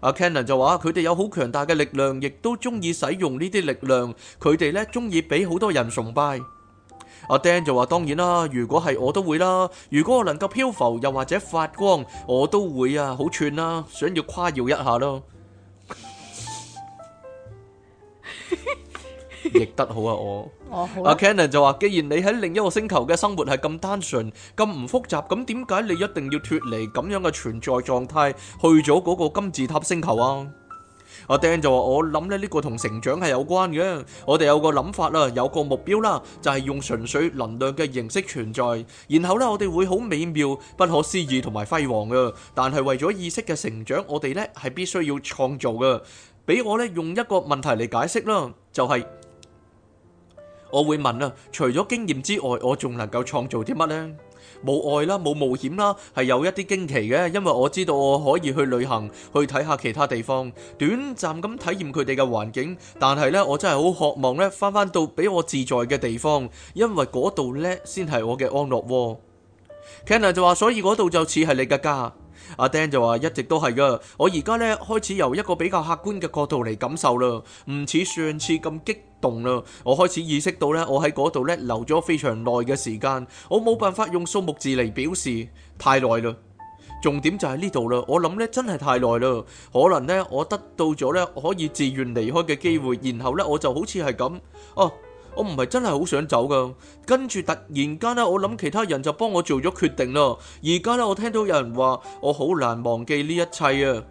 阿 Cannon 就話：佢哋有好強大嘅力量，亦都中意使用呢啲力量。佢哋咧中意俾好多人崇拜。阿 Dan 就話：當然啦，如果係我都會啦。如果我能夠漂浮，又或者發光，我都會啊，好串啦，想要誇耀一下咯。亦得好啊，我阿 Ken 就話：既然你喺另一個星球嘅生活係咁單純、咁唔複雜，咁點解你一定要脫離咁樣嘅存在狀態，去咗嗰個金字塔星球啊？阿 Dan 就話：我諗咧呢個同成長係有關嘅。我哋有個諗法啦，有個目標啦，就係用純粹能量嘅形式存在，然後咧我哋會好美妙、不可思議同埋輝煌噶。但係為咗意識嘅成長，我哋咧係必須要創造噶。俾我咧用一個問題嚟解釋啦，就係。我會問啦，除咗經驗之外，我仲能夠創造啲乜呢？冇愛啦，冇冒險啦，係有一啲驚奇嘅，因為我知道我可以去旅行，去睇下其他地方，短暫咁體驗佢哋嘅環境。但係呢，我真係好渴望呢，翻翻到比我自在嘅地方，因為嗰度呢先係我嘅安樂窩。Cannon 就話，所以嗰度就似係你嘅家。阿 Dan 就話：一直都係噶，我而家咧開始由一個比較客觀嘅角度嚟感受啦，唔似上次咁激動啦。我開始意識到咧，我喺嗰度咧留咗非常耐嘅時間，我冇辦法用數目字嚟表示，太耐啦。重點就係呢度啦，我諗咧真係太耐啦，可能咧我得到咗咧可以自願離開嘅機會，然後咧我就好似係咁，哦、啊。我唔係真係好想走噶，跟住突然間咧，我諗其他人就幫我做咗決定啦。而家咧，我聽到有人話我好難忘記呢一切啊。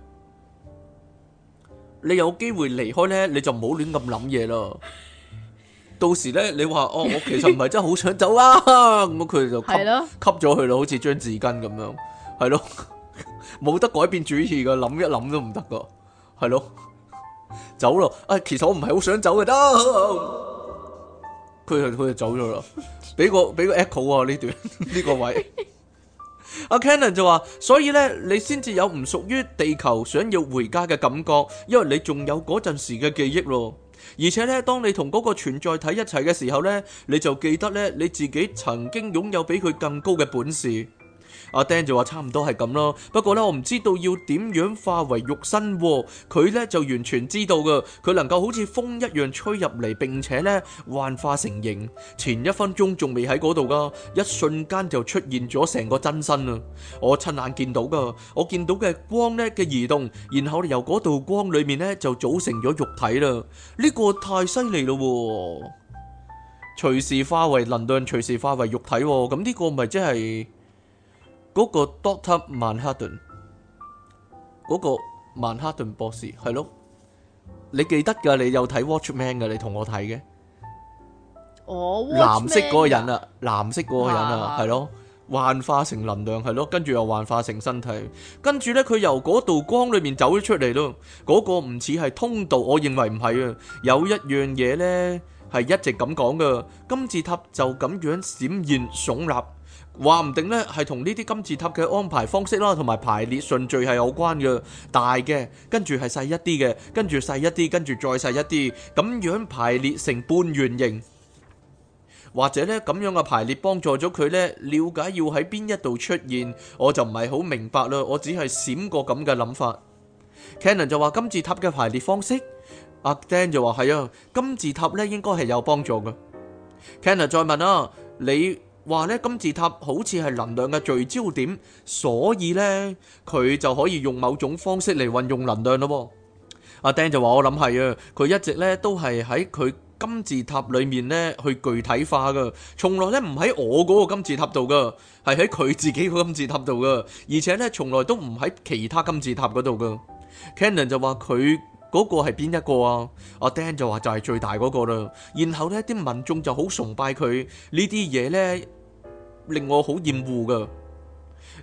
你有機會離開咧，你就唔好亂咁諗嘢咯。到時咧，你話哦，我其實唔係真係好想走啊。咁佢就吸吸咗去咯，好似張紙巾咁樣，係咯，冇得改變主意噶，諗一諗都唔得噶，係咯，走咯。啊，其實我唔係好想走嘅，得。佢佢就走咗咯，俾個俾個 echo 啊。呢段呢個位，阿 *laughs* Cannon 就話：所以咧，你先至有唔屬於地球想要回家嘅感覺，因為你仲有嗰陣時嘅記憶咯。而且咧，當你同嗰個存在體一齊嘅時候咧，你就記得咧你自己曾經擁有比佢更高嘅本事。阿丁就話，差唔多係咁咯，不過咧，我唔知道要點樣化為肉身，佢咧就完全知道噶，佢能夠好似風一樣吹入嚟，並且咧幻化成形。前一分鐘仲未喺嗰度噶，一瞬間就出現咗成個真身啊！我親眼見到噶，我見到嘅光咧嘅移動，然後由嗰道光裏面咧就組成咗肉體啦。呢、這個太犀利咯，隨時化為能量，隨時化為肉體，咁、這、呢個咪真係？嗰個 Doctor 曼哈頓，嗰個曼哈頓博士係咯，你記得㗎？你有睇 Watchman 嘅？你同我睇嘅，哦，藍色嗰個人啊，藍色嗰個人啊，係咯，幻化成能量係咯，跟住又幻化成身體，跟住咧佢由嗰道光裏面走咗出嚟咯，嗰個唔似係通道，我認為唔係啊，有一樣嘢咧係一直咁講噶，金字塔就咁樣閃現聳立。話唔定呢係同呢啲金字塔嘅安排方式啦，同埋排列順序係有關嘅。大嘅，跟住係細一啲嘅，跟住細一啲，跟住再細一啲，咁樣排列成半圓形。或者呢咁樣嘅排列幫助咗佢呢，了解要喺邊一度出現。我就唔係好明白啦，我只係閃過咁嘅諗法。Cannon 就話金字塔嘅排列方式，阿 Dan 就話係啊，金字塔呢應該係有幫助噶。Cannon 再問啦、啊。你？話咧金字塔好似係能量嘅聚焦點，所以呢，佢就可以用某種方式嚟運用能量咯。阿 Dan 就話我諗係啊，佢一直咧都係喺佢金字塔裏面咧去具體化噶，從來咧唔喺我嗰個金字塔度噶，係喺佢自己個金字塔度噶，而且咧從來都唔喺其他金字塔嗰度噶。Cannon 就話佢嗰個係邊一個啊？阿 Dan 就話就係最大嗰個啦。然後呢啲民眾就好崇拜佢呢啲嘢呢，令我好厭惡噶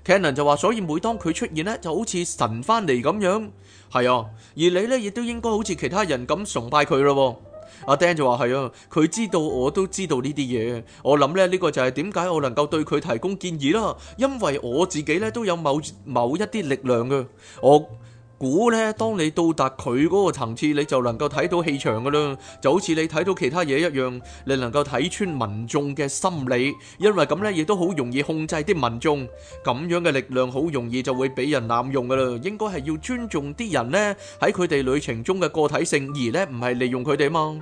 ，Cannon 就話：所以每當佢出現咧，就好似神翻嚟咁樣。係啊，而你咧，亦都應該好似其他人咁崇拜佢啦。阿 Dan 就話：係啊，佢知道，我都知道呢啲嘢。我諗咧，呢個就係點解我能夠對佢提供建議啦，因為我自己咧都有某某一啲力量嘅。我估呢，當你到達佢嗰個層次，你就能夠睇到氣場噶啦，就好似你睇到其他嘢一樣，你能夠睇穿民眾嘅心理，因為咁呢，亦都好容易控制啲民眾。咁樣嘅力量好容易就會俾人濫用噶啦，應該係要尊重啲人呢，喺佢哋旅程中嘅個體性，而呢，唔係利用佢哋嘛。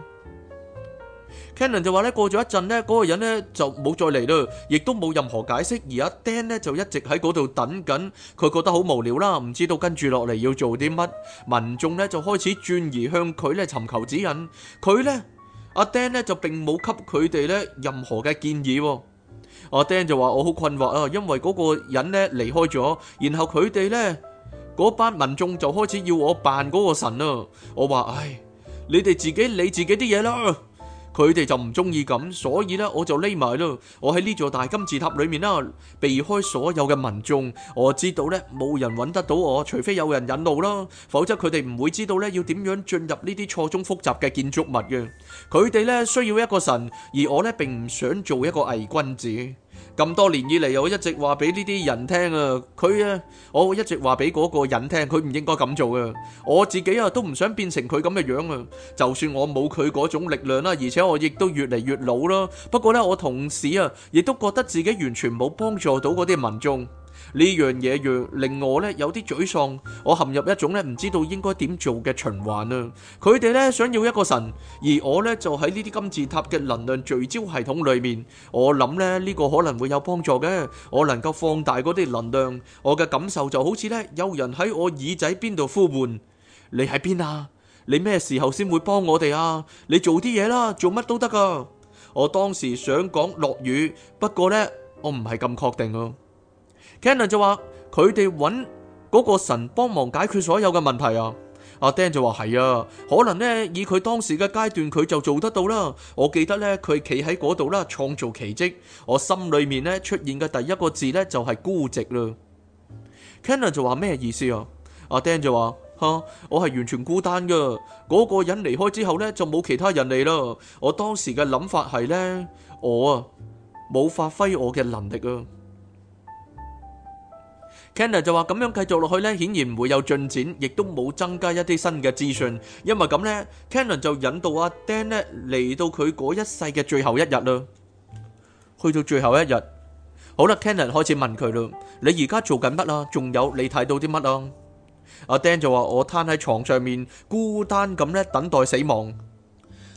Canon 就話咧，過咗一陣呢，嗰個人呢就冇再嚟咯，亦都冇任何解釋。而阿 Dan 呢就一直喺嗰度等緊，佢覺得好無聊啦，唔知道跟住落嚟要做啲乜。民眾呢就開始轉移向佢呢尋求指引，佢呢？阿 Dan 呢就並冇給佢哋呢任何嘅建議。阿 Dan 就話：我好困惑啊，因為嗰個人呢離開咗，然後佢哋呢。」嗰班民眾就開始要我扮嗰個神啊。我話：唉，你哋自己理自己啲嘢啦。佢哋就唔中意咁，所以咧我就匿埋咯。我喺呢座大金字塔裏面啦，避開所有嘅民眾。我知道咧冇人搵得到我，除非有人引路咯，否則佢哋唔會知道咧要點樣進入呢啲錯綜複雜嘅建築物嘅。佢哋咧需要一個神，而我咧並唔想做一個偽君子。咁多年以嚟，我一直話俾呢啲人聽啊！佢啊，我一直話俾嗰個人聽，佢唔應該咁做啊。我自己啊，都唔想變成佢咁嘅樣啊！就算我冇佢嗰種力量啦，而且我亦都越嚟越老啦。不過咧，我同時啊，亦都覺得自己完全冇幫助到嗰啲民眾。呢樣嘢，讓令我咧，有啲沮喪，我陷入一種咧，唔知道應該點做嘅循環啊！佢哋咧，想要一個神，而我咧，就喺呢啲金字塔嘅能量聚焦系統裏面，我諗咧，呢個可能會有幫助嘅，我能夠放大嗰啲能量，我嘅感受就好似咧，有人喺我耳仔邊度呼喚，你喺邊啊？你咩時候先會幫我哋啊？你做啲嘢啦，做乜都得噶。我當時想講落雨，不過咧，我唔係咁確定啊。Cannon 就話佢哋揾嗰個神幫忙解決所有嘅問題啊！阿 Dan 就話係啊，可能呢，以佢當時嘅階段，佢就做得到啦。我記得呢，佢企喺嗰度啦，創造奇蹟。我心裏面呢，出現嘅第一個字呢，就係、是、孤寂咯。Cannon 就話咩意思啊？阿 Dan 就話吓，我係完全孤單噶。嗰、那個人離開之後呢，就冇其他人嚟啦。我當時嘅諗法係呢，我啊冇發揮我嘅能力啊。Cannon 就話：咁樣繼續落去咧，顯然唔會有進展，亦都冇增加一啲新嘅資訊。因為咁咧，Cannon 就引導阿 Dan 咧嚟到佢嗰一世嘅最後一日啦。去到最後一日，好啦，Cannon 開始問佢啦：你而家做緊乜啊？仲有你睇到啲乜啊？阿 Dan 就話：我攤喺床上面，孤單咁咧等待死亡。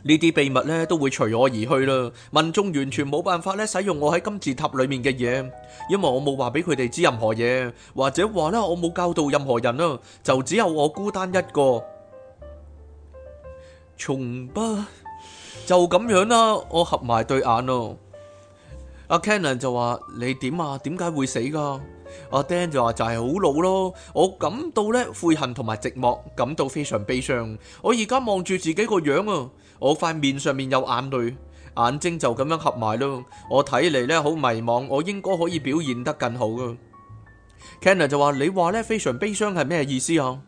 呢啲秘密咧都會隨我而去啦。民眾完全冇辦法咧使用我喺金字塔裏面嘅嘢，因為我冇話俾佢哋知任何嘢，或者話咧我冇教導任何人咯，就只有我孤單一個，從不就咁樣啦。我合埋對眼咯。阿 Cannon 就話：你點啊？點解會死噶？阿 Dan 就話：就係好老咯。我感到咧悔恨同埋寂寞，感到非常悲傷。我而家望住自己個樣啊！我塊面上面有眼淚，眼睛就咁樣合埋咯。我睇嚟呢好迷惘，我應該可以表現得更好嘅。Kenna 就話：你話呢非常悲傷係咩意思啊？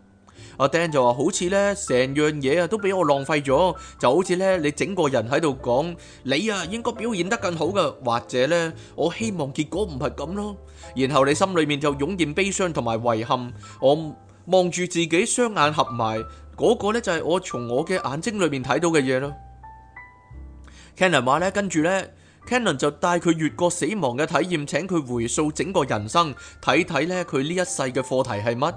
阿 Dan 就話：好似呢成樣嘢啊都俾我浪費咗，就好似呢你整個人喺度講你啊應該表現得更好嘅，或者呢我希望結果唔係咁咯。然後你心裏面就湧現悲傷同埋遺憾，我望住自己雙眼合埋。嗰個咧就係我從我嘅眼睛裏面睇到嘅嘢咯。Cannon 話咧，跟住呢 Cannon 就帶佢越過死亡嘅體驗，請佢回溯整個人生，睇睇呢佢呢一世嘅課題係乜。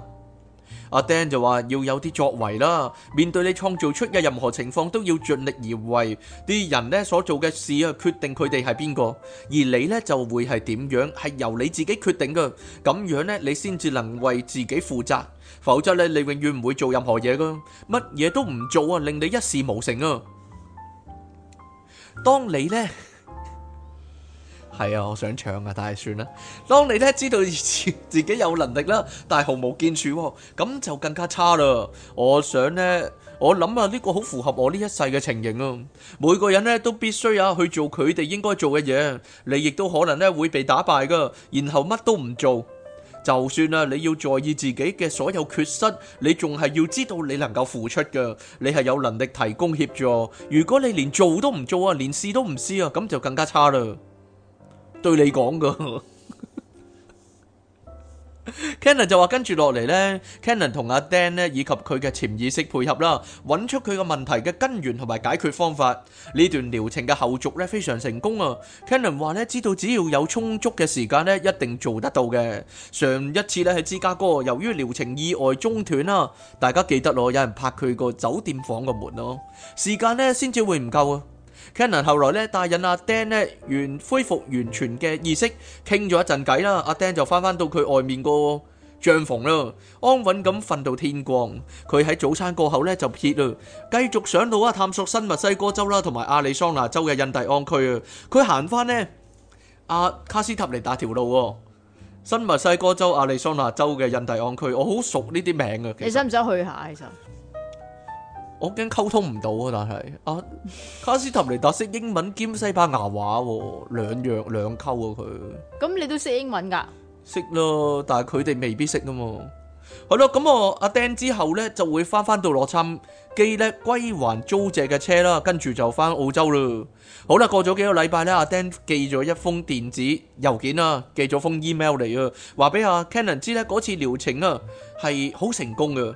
阿 Dan 就話要有啲作為啦，面對你創造出嘅任何情況，都要盡力而為。啲人呢所做嘅事啊，決定佢哋係邊個，而你呢就會係點樣，係由你自己決定嘅。咁樣呢，你先至能為自己負責。否則呢，你永遠唔會做任何嘢噶，乜嘢都唔做啊，令你一事無成啊。當你呢係啊，我想搶啊，但係算啦。當你呢知道自己有能力啦，但係毫無建樹，咁就更加差啦。我想呢，我諗啊，呢個好符合我呢一世嘅情形啊。每個人呢都必須啊去做佢哋應該做嘅嘢，你亦都可能呢會被打敗噶，然後乜都唔做。就算啊，你要在意自己嘅所有缺失，你仲係要知道你能夠付出噶，你係有能力提供協助。如果你連做都唔做啊，連試都唔試啊，咁就更加差啦。對你講噶。Cannon 就話跟住落嚟呢 Cannon 同阿 Dan 咧以及佢嘅潛意識配合啦，揾出佢個問題嘅根源同埋解決方法。呢段療程嘅後續呢，非常成功啊！Cannon 話呢，知道只要有充足嘅時間呢，一定做得到嘅。上一次呢，喺芝加哥，由於療程意外中斷啦，大家記得咯，有人拍佢個酒店房個門咯，時間呢，先至會唔夠啊！Kenner 後來咧帶引阿 Dan 咧，完恢復完全嘅意識，傾咗一陣偈啦。阿 Dan 就翻翻到佢外面個帳篷咯，安穩咁瞓到天光。佢喺早餐過後咧就 heat 咯，繼續上到路啊，探索新墨西哥州啦同埋阿里桑那州嘅印第安區啊。佢行翻呢，阿卡斯塔嚟達條路喎，新墨西哥州阿里桑那州嘅印第安區，我好熟呢啲名啊。你使唔使去下其實？我驚溝通唔到啊！但係阿卡斯塔尼達識英文兼西班牙話，兩樣兩溝啊！佢咁、嗯、你都識英文噶？識咯，但係佢哋未必識、嗯、啊嘛。係咯，咁我阿 Dan 之後呢，就會翻翻到洛杉磯呢歸還租借嘅車啦，跟住就翻澳洲啦。好啦，過咗幾個禮拜呢，阿、啊、Dan 寄咗一封電子郵件啊，寄咗封 email 嚟啊，話俾阿 Kennen 知呢，嗰次療程啊係好成功嘅。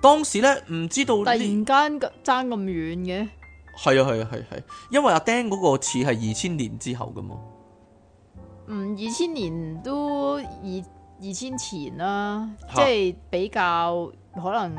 當時咧唔知道，突然間爭咁遠嘅，係啊係啊係係、啊，因為阿丁嗰個似係二千年之後噶嘛，嗯，二千年都二二千前啦、啊，哈即係比較。可能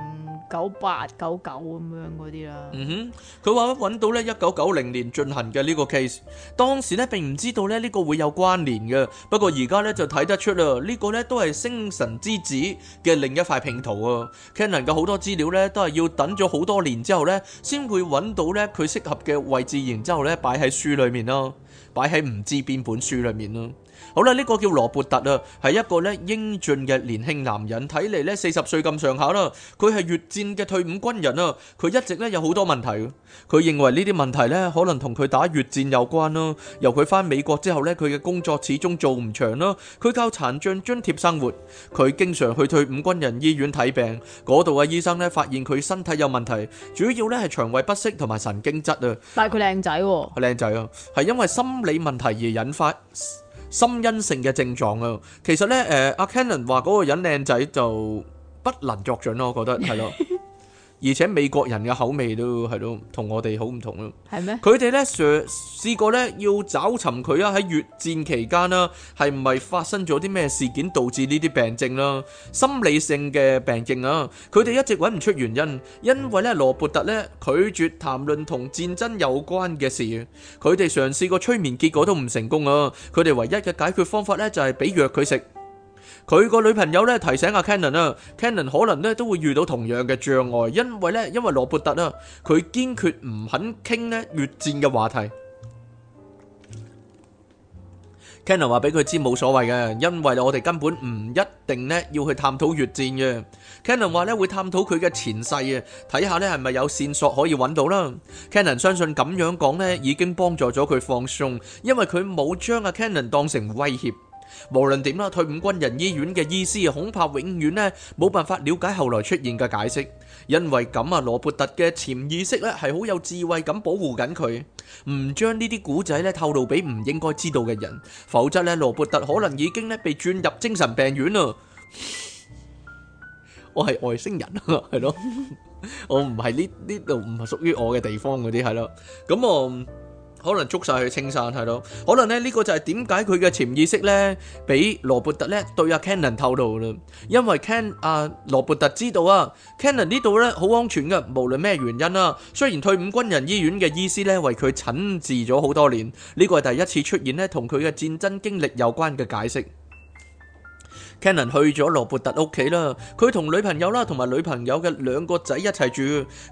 九八九九咁樣嗰啲啦。嗯哼，佢話揾到咧一九九零年進行嘅呢個 case，當時咧並唔知道咧呢個會有關聯嘅。不過而家咧就睇得出啦，這個、呢個咧都係星神之子嘅另一塊拼圖啊。Canon 嘅好多資料咧都係要等咗好多年之後咧，先會揾到咧佢適合嘅位置，然之後咧擺喺書裡面咯，擺喺唔知邊本書裡面咯。好啦，呢個叫羅伯特啊，係一個咧英俊嘅年輕男人，睇嚟咧四十歲咁上下啦。佢係越戰嘅退伍軍人啊，佢一直咧有好多問題。佢認為呢啲問題咧可能同佢打越戰有關咯。由佢翻美國之後咧，佢嘅工作始終做唔長啦。佢靠殘障津貼生活，佢經常去退伍軍人醫院睇病。嗰度嘅醫生咧發現佢身體有問題，主要咧係腸胃不適同埋神經質啊。但係佢靚仔喎，佢靚仔啊，係因為心理問題而引發。心因性嘅症狀啊，其實咧，誒阿 Cannon 話嗰個人靚仔就不能作準咯， 我覺得係咯。 *laughs* 而且美國人嘅口味都係咯，同我哋好唔同咯。係咩？佢哋咧嘗試過咧要找尋佢啊，喺越戰期間啦，係唔係發生咗啲咩事件導致呢啲病症啦？心理性嘅病症啊，佢哋一直揾唔出原因，因為咧羅伯特咧拒絕談論同戰爭有關嘅事。佢哋嘗試過催眠，結果都唔成功啊。佢哋唯一嘅解決方法咧就係俾藥佢食。佢個女朋友咧提醒阿 Cannon 啦 Cannon 可能咧都會遇到同樣嘅障礙，因為咧，因為羅拔特啊，佢堅決唔肯傾咧越戰嘅話題。Cannon 話俾佢知冇所謂嘅，因為我哋根本唔一定咧要去探討越戰嘅。Cannon 話咧會探討佢嘅前世啊，睇下咧係咪有線索可以揾到啦。Cannon 相信咁樣講咧已經幫助咗佢放鬆，因為佢冇將阿 Cannon 當成威脅。無論點啦，退伍軍人醫院嘅醫師恐怕永遠呢冇辦法了解後來出現嘅解釋，因為咁啊，羅伯特嘅潛意識咧係好有智慧咁保護緊佢，唔將呢啲古仔咧透露俾唔應該知道嘅人，否則咧羅伯特可能已經咧被轉入精神病院啦。我係外星人係咯，我唔係呢，呢度唔係屬於我嘅地方嗰啲係咯，咁我。可能捉晒去青山，睇到。可能咧呢、呢個就係點解佢嘅潛意識呢，俾羅伯特呢對阿、啊、Cannon 透露啦。因為 Can 阿、啊、羅伯特知道啊 Cannon 呢度呢好安全嘅，無論咩原因啊。雖然退伍軍人醫院嘅醫師呢為佢診治咗好多年，呢、呢個係第一次出現呢同佢嘅戰爭經歷有關嘅解釋。Cannon 去咗羅伯特屋企啦，佢同女朋友啦，同埋女朋友嘅兩個仔一齊住。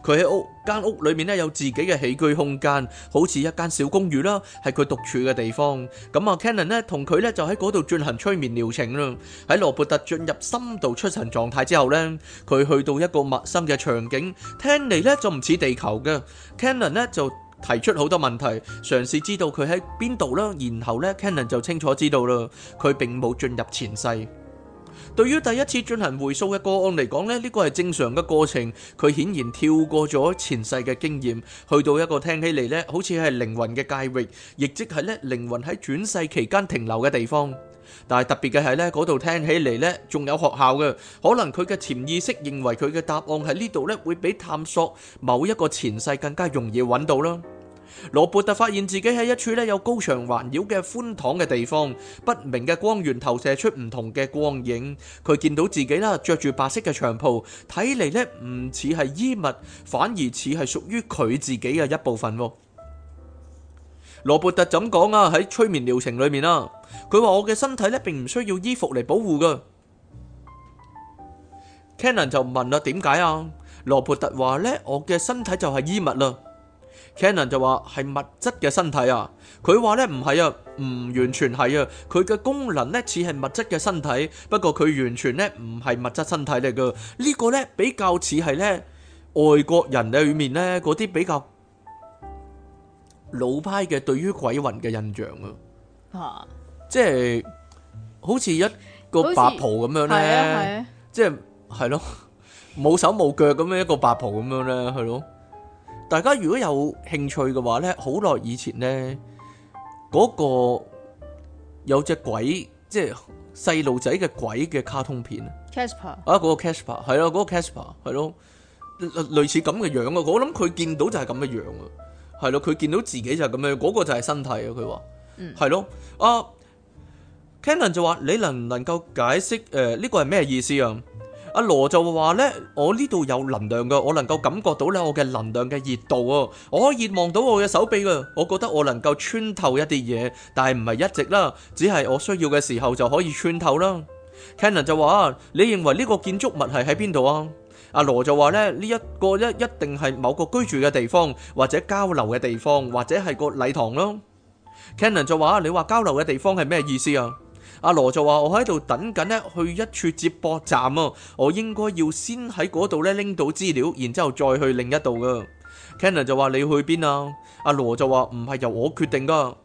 佢喺屋間屋裏面咧有自己嘅起居空間，好似一間小公寓啦，係佢獨處嘅地方。咁啊，Cannon 咧同佢咧就喺嗰度進行催眠療程啦。喺羅伯特進入深度出神狀態之後咧，佢去到一個陌生嘅場景，聽嚟咧就唔似地球嘅。Cannon 咧就提出好多問題，嘗試知道佢喺邊度啦。然後咧，Cannon 就清楚知道啦，佢並冇進入前世。對於第一次進行回溯嘅個案嚟講咧，呢個係正常嘅過程。佢顯然跳過咗前世嘅經驗，去到一個聽起嚟呢好似係靈魂嘅界域，亦即係呢靈魂喺轉世期間停留嘅地方。但係特別嘅係呢，嗰度聽起嚟呢仲有學校嘅，可能佢嘅潛意識認為佢嘅答案喺呢度呢，會比探索某一個前世更加容易揾到囉。羅伯特發現自己喺一處呢有高牆環繞嘅寬敞嘅地方，不明嘅光源投射出唔同嘅光影。佢見到自己啦，着住白色嘅長袍，睇嚟呢唔似係衣物，反而似係屬於佢自己嘅一部分。羅伯特就咁講啊，喺催眠療程裏面啊，佢話我嘅身體呢並唔需要衣服嚟保護噶。Cannon 就問啦，點解啊？羅伯特話呢我嘅身體就係衣物啦。Canon 就話係物質嘅身體啊，佢話咧唔係啊，唔完全係啊，佢嘅功能咧似係物質嘅身體，不過佢完全咧唔係物質身體嚟噶。這個、呢個咧比較似係咧外國人裏面咧嗰啲比較老派嘅對於鬼魂嘅印象啊，吓、啊，即係好似一個白袍咁樣咧，啊、即係係咯，冇手冇腳咁樣一個白袍咁樣咧，係咯。大家如果有興趣嘅話咧，好耐以前咧，嗰、那個有隻鬼，即係細路仔嘅鬼嘅卡通片。Casper 啊，嗰、那個 Casper 係咯，嗰、那個 Casper 係咯，類似咁嘅樣啊！我諗佢見到就係咁嘅樣啊，係咯，佢見到自己就係咁樣，嗰、那個就係身體、嗯、啊！佢話，嗯，係咯，啊，Cannon 就話，你能唔能夠解釋誒呢、呃這個係咩意思啊？阿羅就話呢，我呢度有能量嘅，我能夠感覺到咧我嘅能量嘅熱度啊。我可以望到我嘅手臂啊。我覺得我能夠穿透一啲嘢，但係唔係一直啦，只係我需要嘅時候就可以穿透啦。Cannon 就話：你認為呢個建築物係喺邊度啊？阿羅就話咧：呢、呢、一個一一定係某個居住嘅地方，或者交流嘅地方，或者係個禮堂咯。Cannon 就話：你話交流嘅地方係咩意思啊？阿羅就話：我喺度等緊咧，去一處接駁站啊！我應該要先喺嗰度咧拎到資料，然之後再去另一度噶。Cannon 就話：你去邊啊？阿羅就話：唔係由我決定噶。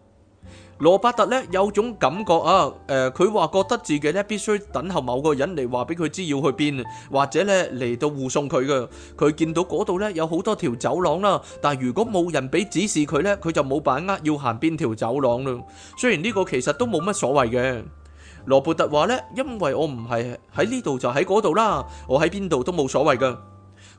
羅伯特呢，有種感覺啊，誒、呃，佢話覺得自己咧必須等候某個人嚟話俾佢知要去邊，或者咧嚟到護送佢噶。佢見到嗰度咧有好多條走廊啦，但如果冇人俾指示佢呢，佢就冇把握要行邊條走廊咯。雖然呢個其實都冇乜所謂嘅。羅伯特話呢，因為我唔係喺呢度就喺嗰度啦，我喺邊度都冇所謂噶。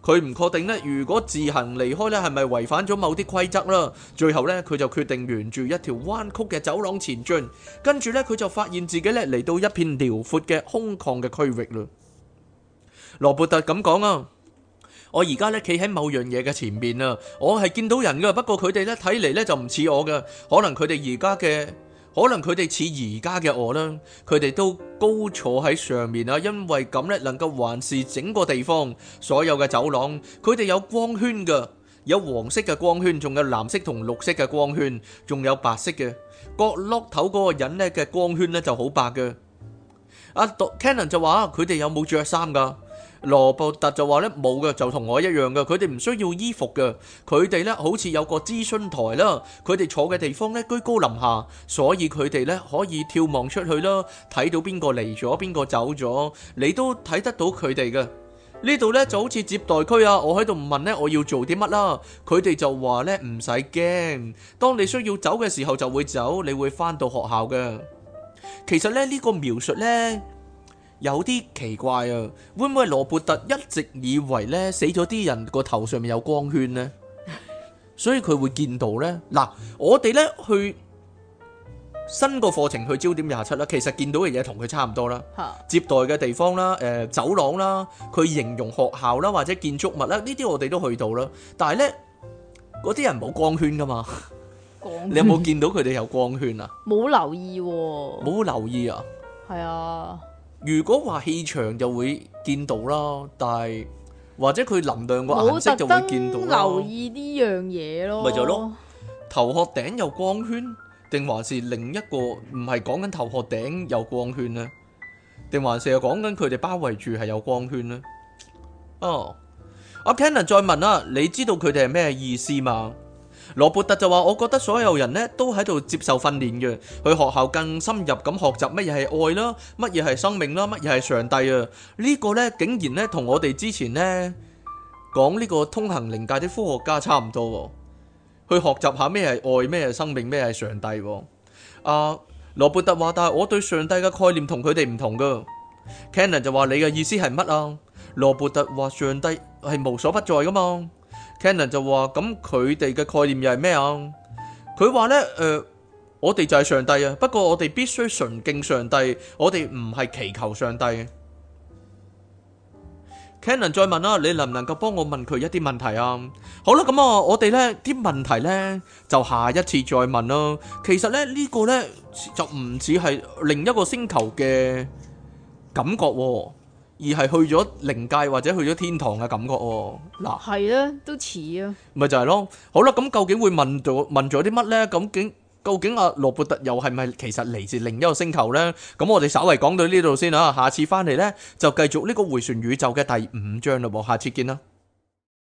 佢唔確定呢，如果自行離開呢，係咪違反咗某啲規則啦？最後呢，佢就決定沿住一條彎曲嘅走廊前進，跟住呢，佢就發現自己呢，嚟到一片遼闊嘅空曠嘅區域喇。羅伯特咁講啊，我而家呢，企喺某樣嘢嘅前面啊，我係見到人噶，不過佢哋呢，睇嚟呢，就唔似我噶，可能佢哋而家嘅。可能佢哋似而家嘅我啦，佢哋都高坐喺上面啊，因為咁咧能夠環視整個地方，所有嘅走廊，佢哋有光圈嘅，有黃色嘅光圈，仲有藍色同綠色嘅光圈，仲有白色嘅。角落頭嗰個人咧嘅光圈咧就好白嘅。阿董 Cannon 就話佢哋有冇着衫噶？羅伯特就話咧，冇嘅，就同我一樣嘅，佢哋唔需要衣服嘅，佢哋咧好似有個諮詢台啦，佢哋坐嘅地方咧居高臨下，所以佢哋咧可以眺望出去啦，睇到邊個嚟咗邊個走咗，你都睇得到佢哋嘅。呢度咧就好似接待區啊，我喺度問咧，我要做啲乜啦，佢哋就話咧，唔使驚，當你需要走嘅時候就會走，你會翻到學校嘅。其實咧呢個描述咧。有啲奇怪啊，會唔會羅伯特一直以為呢死咗啲人個頭上面有光圈呢？所以佢會見到呢。嗱，我哋呢去新個課程去焦點廿七啦。其實見到嘅嘢，同佢差唔多啦。接待嘅地方啦，誒、呃、走廊啦，佢形容學校啦，或者建築物啦，呢啲我哋都去到啦。但係呢，嗰啲人冇光圈噶嘛？光圈 你有冇見到佢哋有光圈啊？冇留意、哦，冇留意啊？係啊。如果話氣場就會見到啦，但係或者佢能量個顏色就會見到。意留意呢樣嘢咯，咪就係咯。頭 *noise* 殼頂有光圈，定還是另一個唔係講緊頭殼頂有光圈呢，定還是係講緊佢哋包圍住係有光圈呢？哦，阿、啊、Cannon 再問啦、啊，你知道佢哋係咩意思嗎？羅伯特就話：，我覺得所有人呢都喺度接受訓練嘅，去學校更深入咁學習乜嘢係愛啦，乜嘢係生命啦，乜嘢係上帝啊？呢個呢竟然呢同我哋之前呢講呢個通行靈界啲科學家差唔多，去學習下咩係愛，咩係生命，咩係上帝。啊，羅伯特話：，但係我對上帝嘅概念同佢哋唔同噶。Cannon 就話：，你嘅意思係乜啊？羅伯特話：，上帝係無所不在噶嘛。Cannon 就話：咁佢哋嘅概念又係咩啊？佢話呢，誒、呃，我哋就係上帝啊，不過我哋必須崇敬上帝，我哋唔係祈求上帝。Cannon 再問啦，你能唔能夠幫我問佢一啲問題啊？好啦，咁啊，我哋呢啲問題呢，就下一次再問咯。其實咧呢、這個呢，就唔止係另一個星球嘅感覺。而係去咗靈界或者去咗天堂嘅感覺哦。嗱，係啊，都似啊。咪就係咯。好啦，咁究竟會問到問咗啲乜咧？咁究竟阿羅伯特又係咪其實嚟自另一個星球咧？咁我哋稍微講到呢度先啊。下次翻嚟咧就繼續呢個迴旋宇宙嘅第五章啦。冇，下次見啦。